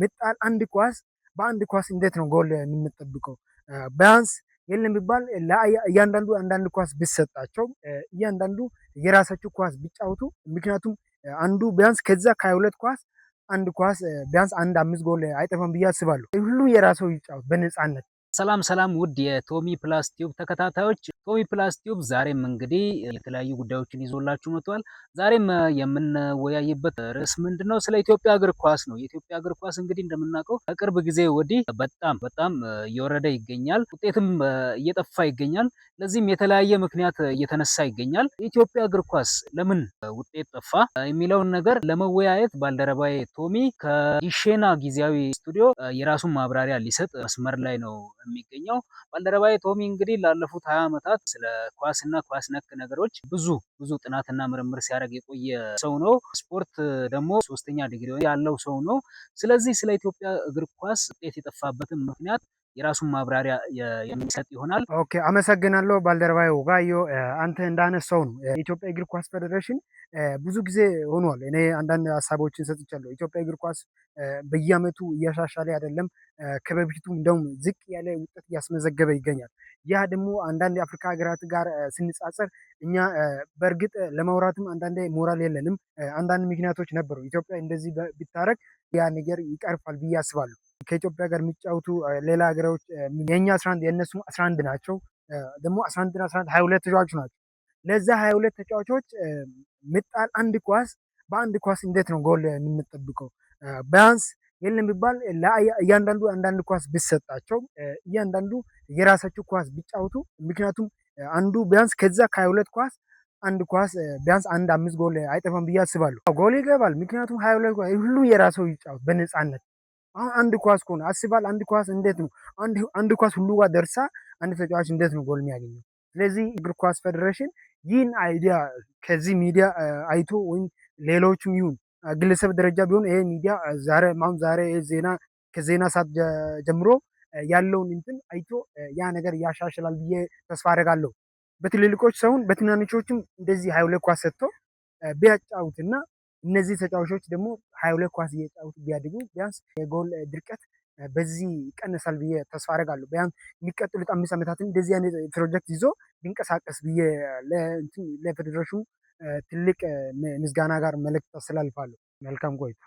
ምጣል አንድ ኳስ በአንድ ኳስ እንዴት ነው ጎል የምንጠብቀው? ቢያንስ የለም ቢባል እያንዳንዱ አንዳንድ ኳስ ቢሰጣቸው እያንዳንዱ የራሳቸው ኳስ ቢጫወቱ። ምክንያቱም አንዱ ቢያንስ ከዛ ከሀያ ሁለት ኳስ አንድ ኳስ ቢያንስ አንድ አምስት ጎል አይጠፋም ብዬ አስባለሁ። ሁሉም የራሰው ይጫወት በነፃነት ሰላም ሰላም ውድ የቶሚ ፕላስ ቲዩብ ተከታታዮች፣ ቶሚ ፕላስ ቲዩብ ዛሬም እንግዲህ የተለያዩ ጉዳዮችን ይዞላችሁ መጥቷል። ዛሬም የምንወያይበት ርዕስ ምንድን ነው? ስለ ኢትዮጵያ እግር ኳስ ነው። የኢትዮጵያ እግር ኳስ እንግዲህ እንደምናውቀው ከቅርብ ጊዜ ወዲህ በጣም በጣም እየወረደ ይገኛል፣ ውጤትም እየጠፋ ይገኛል። ለዚህም የተለያየ ምክንያት እየተነሳ ይገኛል። የኢትዮጵያ እግር ኳስ ለምን ውጤት ጠፋ የሚለውን ነገር ለመወያየት ባልደረባዬ ቶሚ ከዲሼና ጊዜያዊ ስቱዲዮ የራሱን ማብራሪያ ሊሰጥ መስመር ላይ ነው የሚገኘው ባልደረባዬ ቶሚ እንግዲህ ላለፉት ሀያ ዓመታት ስለ ኳስና ኳስ ነክ ነገሮች ብዙ ብዙ ጥናትና ምርምር ሲያደርግ የቆየ ሰው ነው። ስፖርት ደግሞ ሶስተኛ ዲግሪ ያለው ሰው ነው። ስለዚህ ስለ ኢትዮጵያ እግር ኳስ ውጤት የጠፋበትን ምክንያት የራሱን ማብራሪያ የሚሰጥ ይሆናል። ኦኬ አመሰግናለሁ ባልደረባዬ ውጋዮ። አንተ እንዳነሳው ነው የኢትዮጵያ እግር ኳስ ፌዴሬሽን ብዙ ጊዜ ሆኗል። እኔ አንዳንድ ሀሳቦችን ሰጥቻለሁ። ኢትዮጵያ እግር ኳስ በየአመቱ እያሻሻለ አይደለም፣ ከበፊቱ እንደውም ዝቅ ያለ ውጤት እያስመዘገበ ይገኛል። ያ ደግሞ አንዳንድ የአፍሪካ ሀገራት ጋር ስንጻጸር እኛ በእርግጥ ለማውራትም አንዳንዴ ሞራል የለንም። አንዳንድ ምክንያቶች ነበሩ። ኢትዮጵያ እንደዚህ ብታረግ ያ ነገር ይቀርፋል ብዬ አስባለሁ። ከኢትዮጵያ ጋር የሚጫወቱ ሌላ ሀገሮች የእኛ አስራ አንድ የእነሱ አስራ አንድ ናቸው። ደግሞ አስራ አንድ አስራ አንድ ሀያ ሁለት ተጫዋቾች ናቸው። ለዛ ሀያ ሁለት ተጫዋቾች ምጣል አንድ ኳስ በአንድ ኳስ እንዴት ነው ጎል የምንጠብቀው? ቢያንስ የለም ቢባል እያንዳንዱ አንዳንድ ኳስ ቢሰጣቸው እያንዳንዱ የራሳቸው ኳስ ቢጫወቱ። ምክንያቱም አንዱ ቢያንስ ከዛ ከሀያ ሁለት ኳስ አንድ ኳስ ቢያንስ አንድ አምስት ጎል አይጠፋም ብዬ አስባለሁ። ጎል ይገባል። ምክንያቱም ሀያ ሁለት ሁሉ የራሰው ይጫወት በነፃነት አሁን አንድ ኳስ ከሆነ አስባል አንድ ኳስ እንዴት ነው አንድ ኳስ ሁሉ ጋር ደርሳ አንድ ተጫዋች እንዴት ነው ጎል የሚያገኘው? ስለዚህ እግር ኳስ ፌዴሬሽን ይህን አይዲያ ከዚህ ሚዲያ አይቶ ወይም ሌሎችም ይሁን ግለሰብ ደረጃ ቢሆን ይሄ ሚዲያ ዛሬ ማሁን ዛሬ ዜና ከዜና ሰዓት ጀምሮ ያለውን እንትን አይቶ ያ ነገር ያሻሽላል ብዬ ተስፋ አደርጋለሁ። በትልልቆች ሰውን በትናንሾችም እንደዚህ ሀይለ ኳስ ሰጥቶ ቢያጫውትና እነዚህ ተጫዋቾች ደግሞ ሀያ ሁለት ኳስ እየጫወቱ ቢያድጉ ቢያንስ የጎል ድርቀት በዚህ ይቀነሳል ብዬ ተስፋ አደርጋለሁ። ቢያንስ የሚቀጥሉት አምስት ዓመታትን እንደዚህ አይነት ፕሮጀክት ይዞ ቢንቀሳቀስ ብዬ ለፌዴሬሽኑ ትልቅ ምስጋና ጋር መልእክት አስተላልፋለሁ። መልካም ቆይታ